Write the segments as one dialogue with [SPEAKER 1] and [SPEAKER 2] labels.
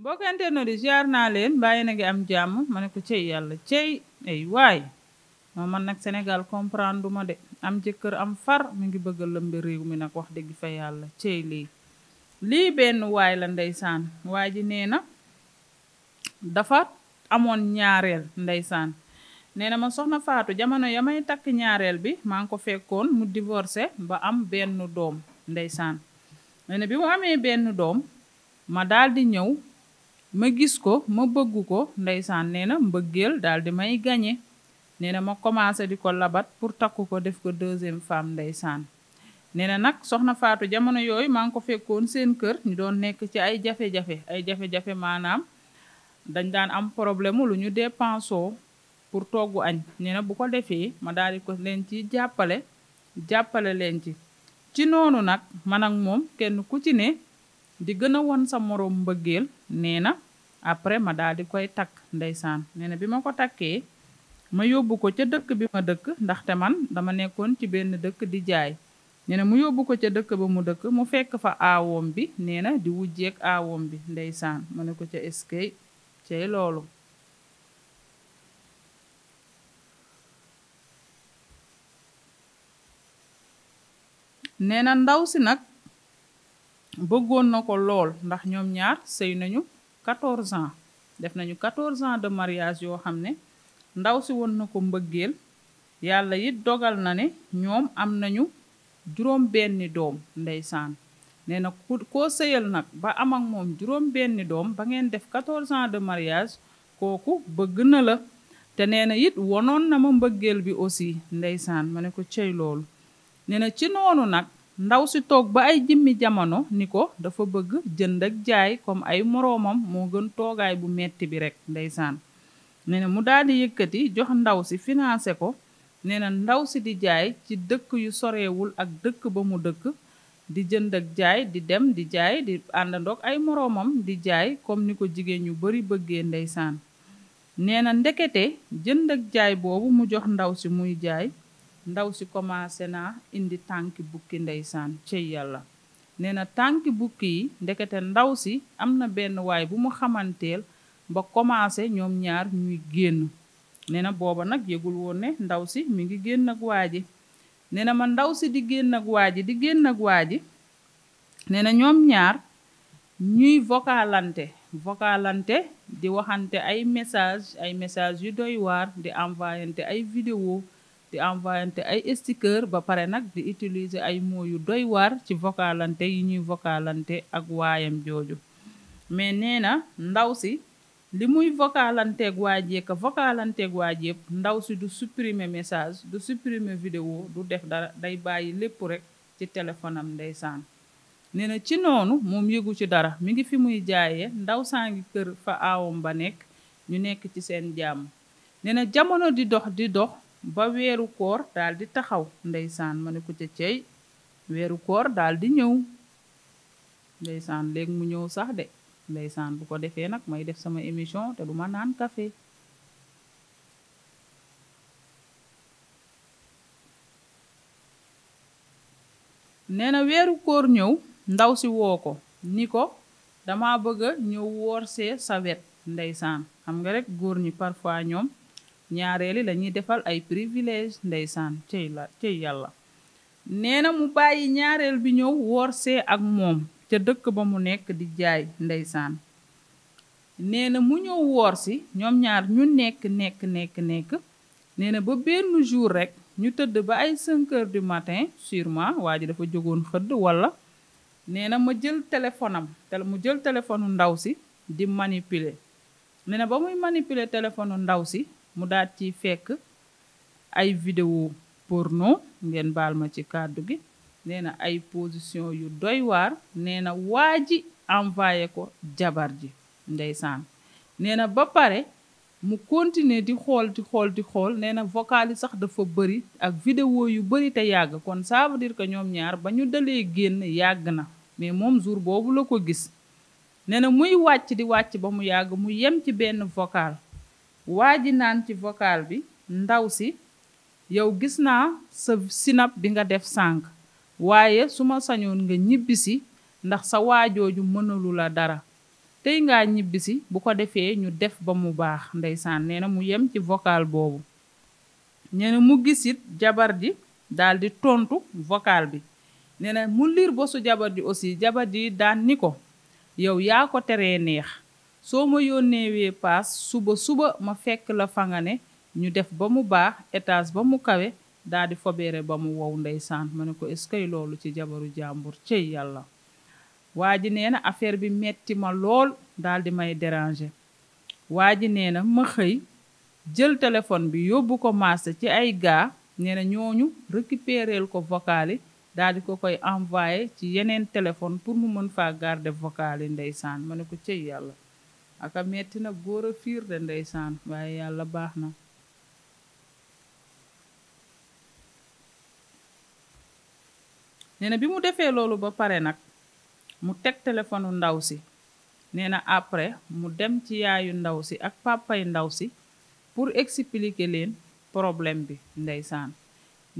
[SPEAKER 1] mbokkante no di ziar naa leen bàyyi na ngi am jàmm ma ne ko cey yàlla cey ay waay moo man nag Sénégal comprendre ma de am jëkkër am far mu ngi bëgg lëmb réew mi nag wax dëgg fa yàlla cey lii lii benn waay la ndeysaan waa ji nee na dafa amoon ñaareel ndeysaan nee na ma soxna Faatu jamono ya may takk ñaareel bi maa ngi ko fekkoon mu divorcé ba am benn doom ndeysaan nee bi mu amee benn doom ma daal di ñëw ma gis ko ma bëggu ko ndeysaan nee na mbëggeel daal di may gañe nee na ma commencé di ko labat pour takku ko def ko deuxième femme ndeysaan nee na nag soxna Faatu jamono yooyu maa ngi ko fekkoon seen kër ñu doon nekk ci ay jafe-jafe ay jafe-jafe maanaam dañ daan am problème lu ñu dépensoo pour toggu añ nee na bu ko defee ma daal di ko leen ci jàppale jàppale leen ci ci noonu nag man moom kenn ku ci ne di gën a won sa moroom mbëggeel nee na après ma daal koy takk ndeysaan nee bi ma ko takkee ma yóbbu ko ca dëkk bi ma dëkk ndaxte man dama nekkoon ci benn dëkk di jaay nee mu yóbbu ko ca dëkk ba mu dëkk mu fekk fa aawoom bi nee na di wujjeek aawoom bi ndeysaan ma ne ko ca eskay cay loolu nee na ndaw si nag bëggoon na ko lool ndax ñoom ñaar sëy nañu 14 ans def nañu 14 ans de mariage yoo xam ne ndaw si woon na ko mbëggeel yàlla it dogal na ne ñoom am nañu juróom benni doom ndeysaan nee na ku koo sëyal nag ba am ak moom juróom benni doom ba ngeen def 14 ans de mariage kooku bëgg na la te nee na it wonoon na ma mbëggeel bi aussi ndeysaan ma ne ko cey loolu nee ci noonu nag ndaw si toog ba ay jëmmi jamono ni ko dafa bëgg jënd ak jaay comme ay moroomam moo gën toogaay bu metti bi rekk ndeysaan nee na mu daal di yëkkati jox ndaw si financé ko nee na ndaw si di jaay ci dëkk yu sorewul ak dëkk ba mu dëkk di jënd ak jaay di dem di jaay di àndandoog ay moroomam di jaay comme ni ko jigéen ñu bari bëggee ndeysaan nee na ndekete jënd ak jaay boobu mu jox ndaw si muy jaay ndaw si commencé naa indi tànki bukki ndeysaan cëy yàlla nee na tànki bukki yi ndekete ndaw si am na benn waay bu mu xamanteel ba commencé ñoom ñaar ñuy génn nee na booba nag yëgul woon ne ndaw si mi ngi génn ak waa ji nee na ma ndaw si di génn ak waa ji di génn ak waa ji nee na ñoom ñaar ñuy vocalante vocalante di waxante ay message ay message yu doy waar di envoyante ay vidéo di envoyante ay sticker ba pare nag di utiliser ay mots yu doy waar ci vocalante yi ñuy vocalante ak waayam jooju mais nee na ndaw si li muy vocalanteeg waa jeeka vocalanteeg waa yëpp ndaw si du supprimer message du supprimer vidéo du def dara day bàyyi lépp rek ci téléphone am ndeysaan nee na ci noonu moom yëgu ci dara mu ngi fi muy jaayee ndaw saa ngi kër fa aawam ba nekk ñu nekk ci seen jàmm nee na jamono di dox di dox ba weeru koor daal di taxaw ndeysaan ma ne ko ca cey weeru koor daal di ñëw ndeysaan léegi mu ñëw sax de ndeysaan bu ko defee nag may def sama émission te duma naan café nee na weeru koor ñëw ndaw si woo ko ni ko dama bëgg a ñëw woor see sa wet ndeysaan xam nga rekk góor ñi parfois ñoom ñaareeli lañuy defal ay privilège ndeysaan cey la cey yàlla nee na mu bàyyi ñaareel bi ñëw woor see ak moom ca dëkk ba mu nekk di jaay ndeysaan nee na mu ñëw woor si ñoom ñaar ñu nekk nekk nekk nekk nee na ba benn jour rekk ñu tëdd ba ay 5 heures du matin sûrement waa ji dafa jógoon xëdd walla nee na ma jël téléphone am mu jël téléphone ndaw si di manipuler nee na ba muy manipuler téléphone ndaw si mu daal ciy fekk ay vidéo porno ngeen baal ma ci kàddu gi nee na ay position yu doy waar nee na waa ji envoyé ko jabar ji ndeysaan nee na ba pare mu continuer di xool di xool di xool nee na vocal yi sax dafa bëri ak vidéo yu bëri te yàgg kon ça veut que ñoom ñaar ba ñu dalee génn yàgg na mais moom jour boobu la ko gis nee na muy wàcc di wàcc ba mu yàgg mu yem ci benn vocal waa ji naan ci vocal bi ndaw si yow gis naa sa sinap bi nga def sànk waaye su ma sañoon nga ñibbisi ndax sa waajooju mënalu la dara tey ngaa ñibbisi bu ko defee ñu def ba mu baax ndeysaan nee na mu yem ci vocal boobu nee mu gisit jabar ji daldi tontu vocal bi nee mu liir bosu jabar ji aussi jabar ji daan ni ko yow yaa ko teree neex soo ma yónneewee paas suba suba ma fekk la fa nga ne ñu def ba mu baax étage ba mu kawe daal di fobeere ba mu wow ndeysaan ma ne ko est loolu ci jabaru jàmbur cëy yàlla waa ji nee na affaire bi metti ma lool daal di may derange waa ji nee na ma xëy jël téléphone bi yóbbu ko master ci ay gaa nee na ñooñu récupéreel ko vocal yi daal di ko koy envoyé ci yeneen téléphone pour mu mën faa garder vocal yi ndeysaan ma ne ko cëy yàlla aka metti na góor a fiir de ndeysaan waaye yàlla baax na nee bi mu defee loolu ba pare nag mu teg téléphonu ndaw si nee na après mu dem ci yaayu ndaw si ak pàppay ndaw si pour expilike leen problème bi ndeysaan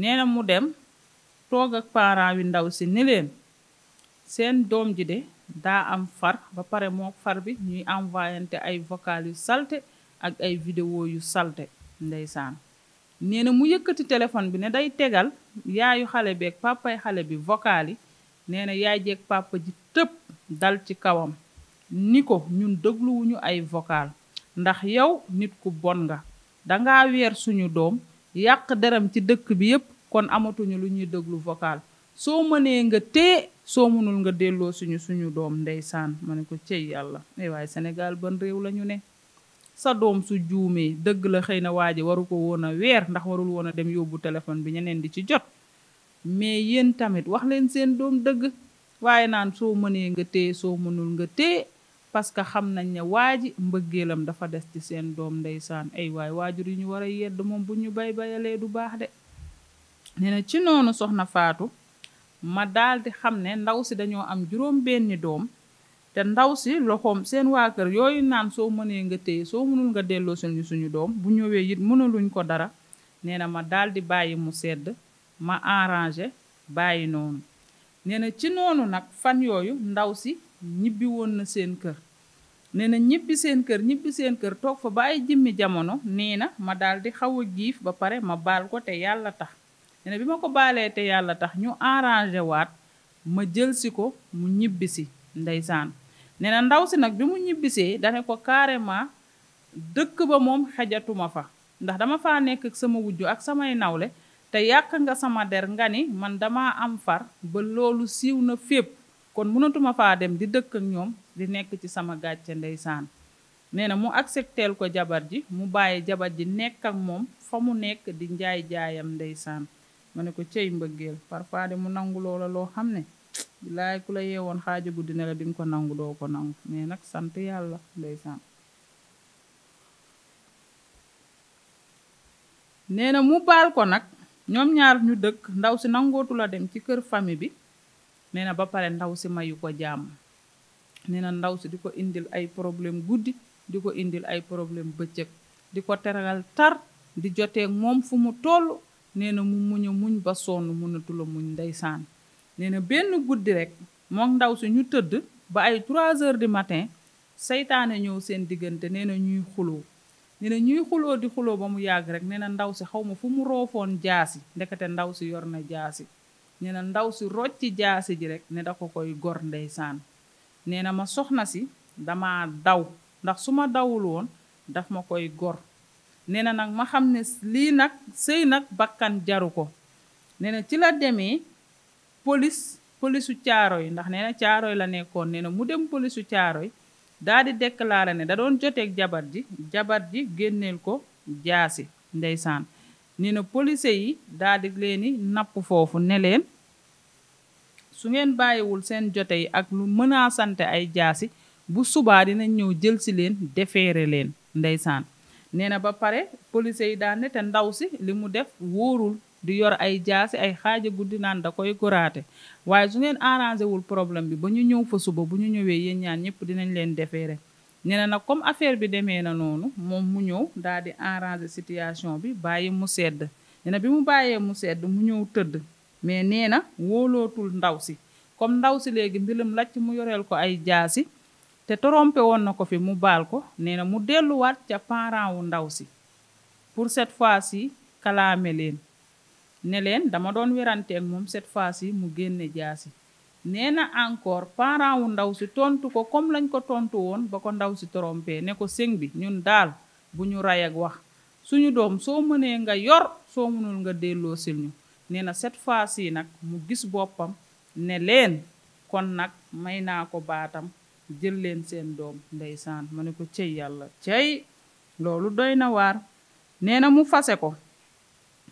[SPEAKER 1] neena mu dem toog ak parents yu ndaw si ni leen seen doom ji de daa am far ba pare moo far bi ñuy envoyante ay vocal yu salte ak ay vidéo yu salte ndeysaan nee na mu yëkkati téléphone bi ne day tegal yaayu xale bi ak papay xale bi vocal yi nee na yaay jeeg papa ji tëb dal ci kawam ni ko ñun dégluwuñu ay vocal ndax yow nit ku bon nga danga weer suñu doom yàq deram ci dëkk bi yépp kon amatuñu lu ñuy déglu vocal soo mënee nga tee soo mënul nga delloo suñu suñu doom ndeysaan ma ne ko cey yàlla ay eh waaye Sénégal ban réew la ñu ne sa doom su juumee dëgg la xëy na waaje waru ko woon a weer ndax warul woon a dem yóbbu téléphone bi ñeneen di ci jot mais yéen tamit wax leen seen doom dëgg waaye naan soo mënee nga téye soo mënul nga téye parce que xam nañ ne waa ji mbëggeelam dafa des ci seen doom ndeysaan ay waay waajur yi ñu war a yedd moom bu ñu bay bayalee du baax de nee na ci noonu soxna Faatu ma daldi xam ne ndaw si dañoo am juróom benni doom te ndaw si loxoom seen waa kër yooyu naan soo mënee nga téye soo mënul nga delloo seen suñu suñu doom bu ñëwee it mënaluñ ko dara nee na ma daal di bàyyi mu sedd ma arrangé bàyyi noonu nee na ci noonu nag fan yooyu ndaw si ñibbi woon na seen kër nee na ñibbi seen kër ñibbi seen kër toog fa ba ay jimmi jamono nee na ma daldi di xaw a giif ba pare ma baal ko te yàlla tax nee bi ma ko baalee te yàlla tax ñu arrangé waat ma jël si ko mu ñibbisi ndeysaan nee na ndaw si nag bi mu ñibbisee dane ko carrément dëkk ba moom xajatuma fa ndax dama faa nekk ak sama wujj ak samay nawle te yàq nga sama der nga ni man dama am far ba loolu siiw na fépp kon mënatuma faa dem di dëkk ak ñoom di nekk ci sama gàcce ndeysaan nee na mu accepteel ko jabar ji mu bàyyi jabar ji nekk ak moom fa mu nekk di njaay jaayam ndeysaan ma ne ko cey mbëggeel parfois de mu nangu loola loo xam ne bilaay ku la woon xaaja guddi na la di ko nangu doo ko nangu mais nag sant yàlla ndeysaan nee na mu baal ko nag ñoom ñaar ñu dëkk ndaw si nangootula dem ci kër famille bi nee na ba pare ndaw si mayu ko jàmm nee na ndaw si di ko indil ay problème guddi di ko indil ay problème bëccëg di ko teral tar di jotee moom fu mu toll nee na mu muñ muñ ba sonn mënatul a muñ ndeysaan nee na benn guddi rek mook ndaw si ñu tëdd ba ay trois heures du matin seytaane ñëw seen diggante nee na ñuy xuloo nee ñuy xuloo di xuloo ba mu yàgg rek nee na ndaw si xaw ma fu mu roofoon jaasi ndekete ndaw si yor na jaasi nee ndaw si rocci jaasi ji rek ne dafa koy gor ndeysaan nee na ma soxna si dama daw ndax su ma dawul woon daf ma koy gor nee na nag ma xam ne lii nag sëy nag bakkan jaru ko nena ci la demee police polisu caaro yi ndax nee caaro yi la nekkoon nee na mu dem polisu caaro yi daal di déclaré ne da doon joteeg jabar ji génneel ko jaasi ndeysaan nee na police yi daal di leeni napp foofu ne leen su ngeen bàyyiwul seen jote yi ak lu mën sante ay jaasi bu subaa dina ñëw jël si leen defeere leen ndeysaan nee na ba pare policier yi daan te ndaw si li mu def wóorul di yor ay jaasi ay xaaja guddi naan da koy goraate waaye su ngeen arrangé wul problème bi ba ñu ñëw fa suba bu ñu ñëwee yéen ñaan ñëpp dinañ leen defee rek nee na nag comme affaire bi demee na noonu moom mu ñëw daal di arrangé situation bi bàyyi mu sedd nee na bi mu bàyyee mu sedd mu ñëw tëdd mais nee na wóolootul ndaw si comme ndaw si léegi mbilam lacc mu yoreel ko ay jaasi te torompe woon na ko fi mu baal ko nee na mu delluwaat ca parent wu ndaw si pour set fois ci kalaame leen ne leen dama doon werante moom cette fois yi mu génne jaasi nee na encore parent wu ndaw si tontu ko comme lañ ko tontu woon ba ko ndaw si trompé ne ko sëñ bi ñun daal bu ñu ray ak wax suñu doom soo mënee nga yor soo mënul nga delloo sil ñu nee na cette fois ci nag mu gis boppam ne leen kon nag may naa ko baatam jël leen seen doom ndeysaan ma ne ko cey yàlla cey loolu doy na waar nee na mu fase ko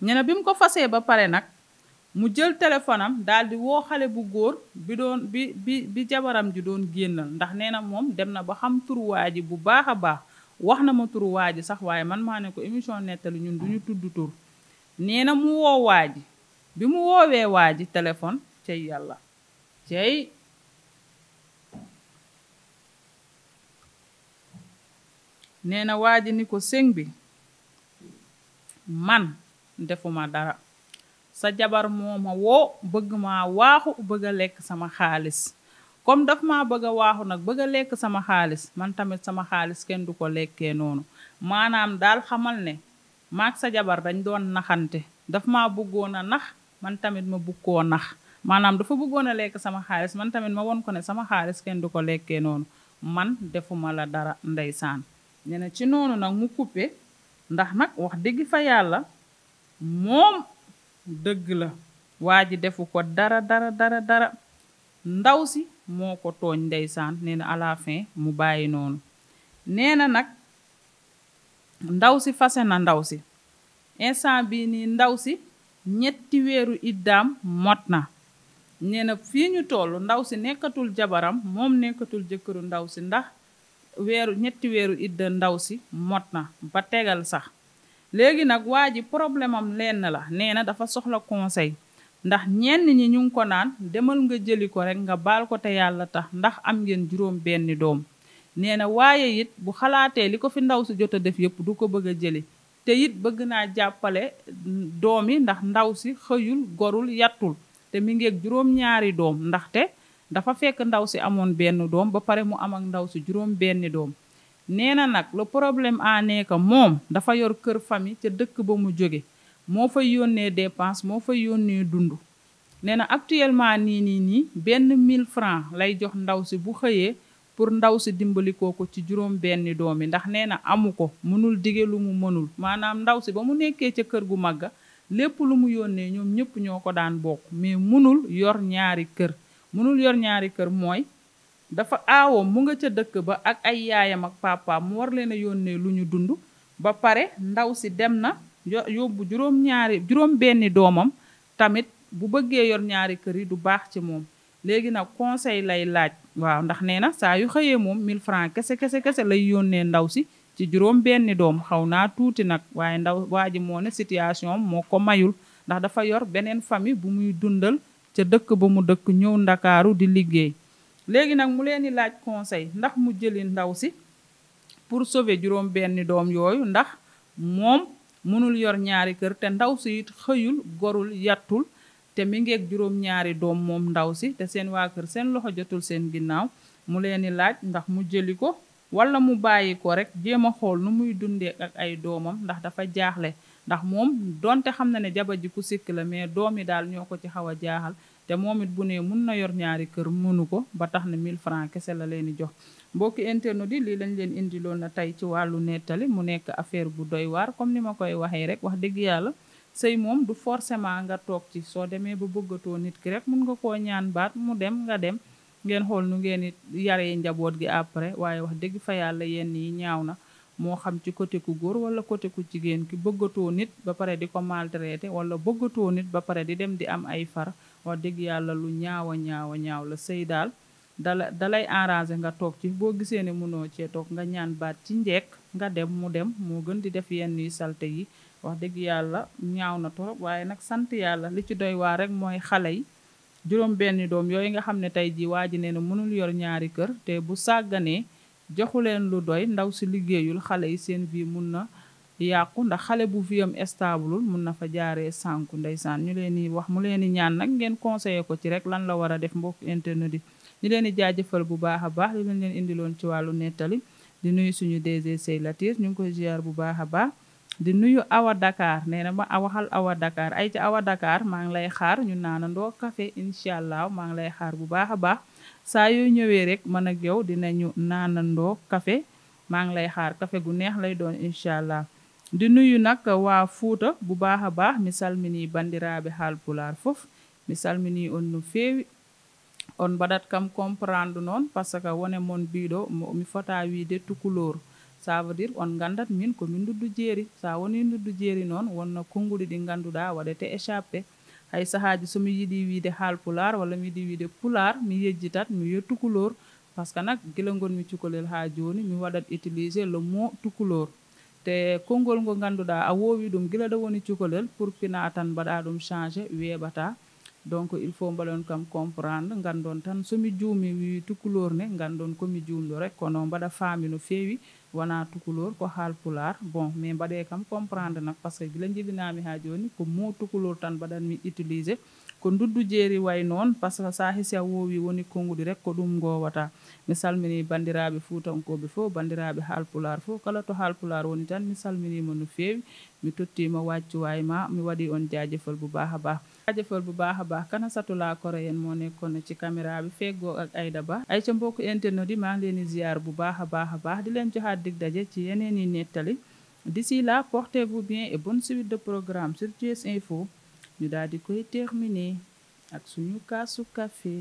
[SPEAKER 1] nee na bi mu ko fasee ba pare nag mu jël téléphone daldi woo xale bu góor bi doon bi bi jabaram ji doon génnal ndax nee na moom dem na ba xam turuwaa ji bu baax a baax wax na ma turuwaa ji sax waaye man maa ne ko émission nettali ñun du ñu tudd tur nee na mu woo waa ji bi mu woowee waa ji téléphone cey yàlla cey nee na waa ji ni ko sëñ bi man defuma dara sa jabar moo ma woo bëgg ma waaxu bëgg a lekk sama xaalis comme daf ma bëgg a waaxu nag bëgg a lekk sama xaalis man tamit sama xaalis kenn du ko lekkee noonu maanaam daal xamal ne maag sa jabar dañ doon naxante daf ma bëggoon a nax man tamit ma bëgg koo nax maanaam dafa bëggoon a lekk sama xaalis man tamit ma won ko ne sama xaalis kenn du ko lekkee noonu man defuma la dara ndeysaan nee ci noonu nag mu kuppe ndax nag wax dëgg fa yàlla moom dëgg la waa ji defu ko dara dara dara dara ndaw si moo ko tooñ ndeysaan nee na mu bàyyi noonu nee na nag ndaw si fase na ndaw si instant bii nii ndaw si ñetti weeru iddaam mot na nee na fii ñu toll ndaw si nekkatul jabaram moom nekkatul jëkkëru ndaw si ndax weeru ñetti weeru idda ndaw si mot na ba tegal sax léegi nag waa ji problème am lenn la nee na dafa soxla conseil ndax ñenn ñi ñu ngi ko naan demal nga jëli ko rek nga baal ko te yàlla tax ndax am ngeen juróom benni doom nee na waaye it bu xalaatee li ko fi ndaw si jot a def yëpp du ko bëgg a jëli te it bëgg naa jàppale mm, doom yi ndax ndaw si xëyul gorul yattul te mi ngeeg juróom-ñaari doom ndaxte dafa fekk ndaw si amoon benn doom ba pare mu am ak ndaw si juróom benni doom nee na nag le problème a nekk moom dafa yor kër famille ca dëkk ba mu jóge moo fay yónnee dépense moo fay yónnee dund nee na actuellement nii nii nii benn mille francs lay jox ndaw si bu xëyee pour ndaw si dimbali ko ci juróom benni doom yi ndax nee na amu ko mënul dige lu mu mënul maanaam ndaw si ba mu nekkee ca kër gu màgga lépp lu mu yónnee ñoom ñëpp ñoo ko daan bokk mais mënul yor ñaari kër mënul yor ñaari kër mooy dafa awoo mu nga ca dëkk ba ak ay yaayam ak papaam mu war leen a yónnee lu ñu dund ba pare ndaw si dem na yóbbu juróom ñaari juróom benni doomam tamit bu bëggee yor ñaari kër yi du baax ci moom léegi nag conseil lay laaj waaw ndax nee na saa yu xëyee moom 1000 francs kese kese kese lay yónnee ndaw si ci juróom benni doom xaw naa tuuti nag waaye ndaw waa ji moo ne situation moo ko mayul ndax dafa yor beneen famille bu muy dundal ca dëkk ba mu dëkk ñëw ndakaaru di liggéey léegi nag mu leen di laaj conseil ndax mu jëli ndaw si pour sauver juróom benni doom yooyu ndax moom mënul yor ñaari kër te ndaw si it xëyul gorul yattul te mi ngeeg juróom ñaari doom moom ndaw si te seen waa kër seen loxo jotul seen ginnaaw mu leen di laaj ndax mu jëli ko wala mu bàyyi ko rek jéem a xool nu muy dundee ak ay doomam ndax dafa jaaxle ndax moom donte xam na ne jabar ji ku sikk la mais doom yi daal ñoo ko ci xaw a jaaxal te moom it bu ne mun na yor ñaari kër mënu ko ba tax na 1000 francs kese la leen di jox mbokki internet yi lii lañ leen indiloon na tey ci wàllu nettali mu nekk affaire bu doy waar comme ni ma koy waxee rek wax dëgg yàlla sëy moom du forcément nga toog ci soo demee ba bëggatoo nit ki rek mun nga koo ñaan baat mu dem nga dem ngeen xool nu ngeen it yaree njaboot gi après waaye wax dëgg fa yàlla yenn yi ñaaw na moo xam ci côté ku góor wala côté ku jigéen ki bëggatoo nit ba pare di ko te wala bëggatoo nit ba pare di dem di am ay far wax dëgg yàlla lu ñaaw a ñaaw a ñaaw la sëy daal dala dalay arrangé nga toog ci boo gisee ne mënoo cee toog nga ñaan baat ci njeek nga dem mu dem moo gën di def yenn yu salte yi wax dëgg yàlla ñaaw na torop waaye nag sant yàlla li ci doy waa rek mooy xale yi juróom benni doom yooyu nga xam ne tey jii waa ji nee na mënul yor ñaari kër te bu sàgganee joxu leen lu doy ndaw si liggéeyul xale yi seen vie mun na yàqu ndax xale bu viam staabulul mun na fa jaaree sànku ndeysaan ñu leen di wax mu leen di ñaan nag ngeen conseiller ko ci rek lan la war a def mbokk internet yi ñu leen di jaajëfal bu baax a baax li leen leen indiloon ci wàllu nettali di nuyu suñu DG Sey Latir ñu ngi koy ziar bu baax a baax di nuyu Awa Dakar nee na ma Awa Dakar ay ca Awa Dakar maa ngi lay xaar ñu naanandoo café incha allah maa ngi lay xaar bu baax a baax saa yoo ñëwee rek man ak dina dinañu naanandoo kafe maa ngi lay xaar café gu neex lay doon incha allah di nuyu nag waa Fuuta bu baax a baax mi salmini bandiraaɓe haalpulaar fof mi salmini on no feewi on mbaɗat kam comprendre noon parce ce que wone mon mbiɗo mi fota wiide tukulor ça on gandat min komin nduddujeeri sa woni nduddujeeri noon wonno konnguɗi ɗi ngannduɗaa waɗete échappé hay sahaaji somi yiɗi wiide haalpular walla mi yiɗi wiide pular mi yejjitat mi wiya tukulor par que nak gila gonmi cukalel haa jooni mi waɗat utilisé le mot tukulor te ngo ngannduɗaa a woowi ɗum gila ɗo woni cukalel pour pina tan ɗum changé weeɓata donc il faut mbaɗon kam comprendre gandon tan somi juumi wi tukulor ne gandon komi juumɗo rek kono mbaɗa faami no feewi wona tukulor ko haal pular bon mais mbaɗe kam comprendre nak par ce que gila jibinami ha joni ko mo tukulor tan mbaɗanmi utilisé ko nduddu jeeri way noon par ce que sahi si a woowi woni konnguɗi rek ko ɗum gowata mi salmini banndiraaɓe fuutankoɓe fof banndiraaɓe haalpular fof kala to haalpular woni tan mi salminima no feewi mi ma waccu way ma mi waɗi on jaajefol bo baha bah jaajefol bo baha bah kana satola koro en mone kono ci caméra ɓe feggo ak ayda ba ayca mbokko internet yi ma leni ziyar bo baha baha bah di leen johaat dig daje ci yeneen i nettali d'ici là portez vous bien bon bonne de programme sur GS Info ñu daal di koy terminer ak suñu kaasu café